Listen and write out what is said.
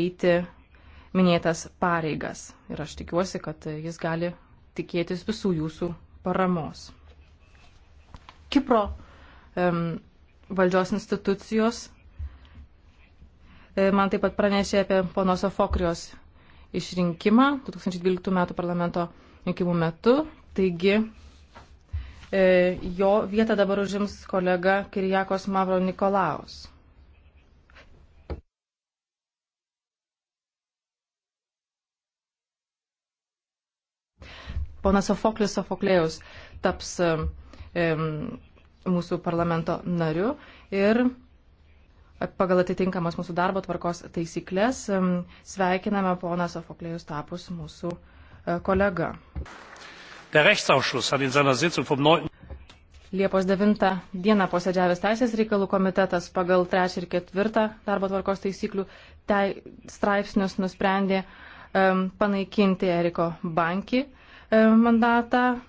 eiti minėtas pareigas. Ir aš tikiuosi, kad jis gali tikėtis visų jūsų paramos. Kipro um, valdžios institucijos e, man taip pat pranešė apie pono Sofokrijos išrinkimą 2012 m. parlamento rinkimų metu. Taigi e, jo vietą dabar užims kolega Kirjakos Mavro Nikolaus. ponas Sofoklis Sofoklėjus taps mūsų parlamento nariu ir pagal atitinkamas mūsų darbo tvarkos taisyklės sveikiname poną Sofoklėjus tapus mūsų e, kolega. Liepos 9 dieną posėdžiavęs Teisės reikalų komitetas pagal 3 ir 4 darbo tvarkos taisyklių tei, straipsnius nusprendė um, panaikinti Eriko Bankį. E, mandatą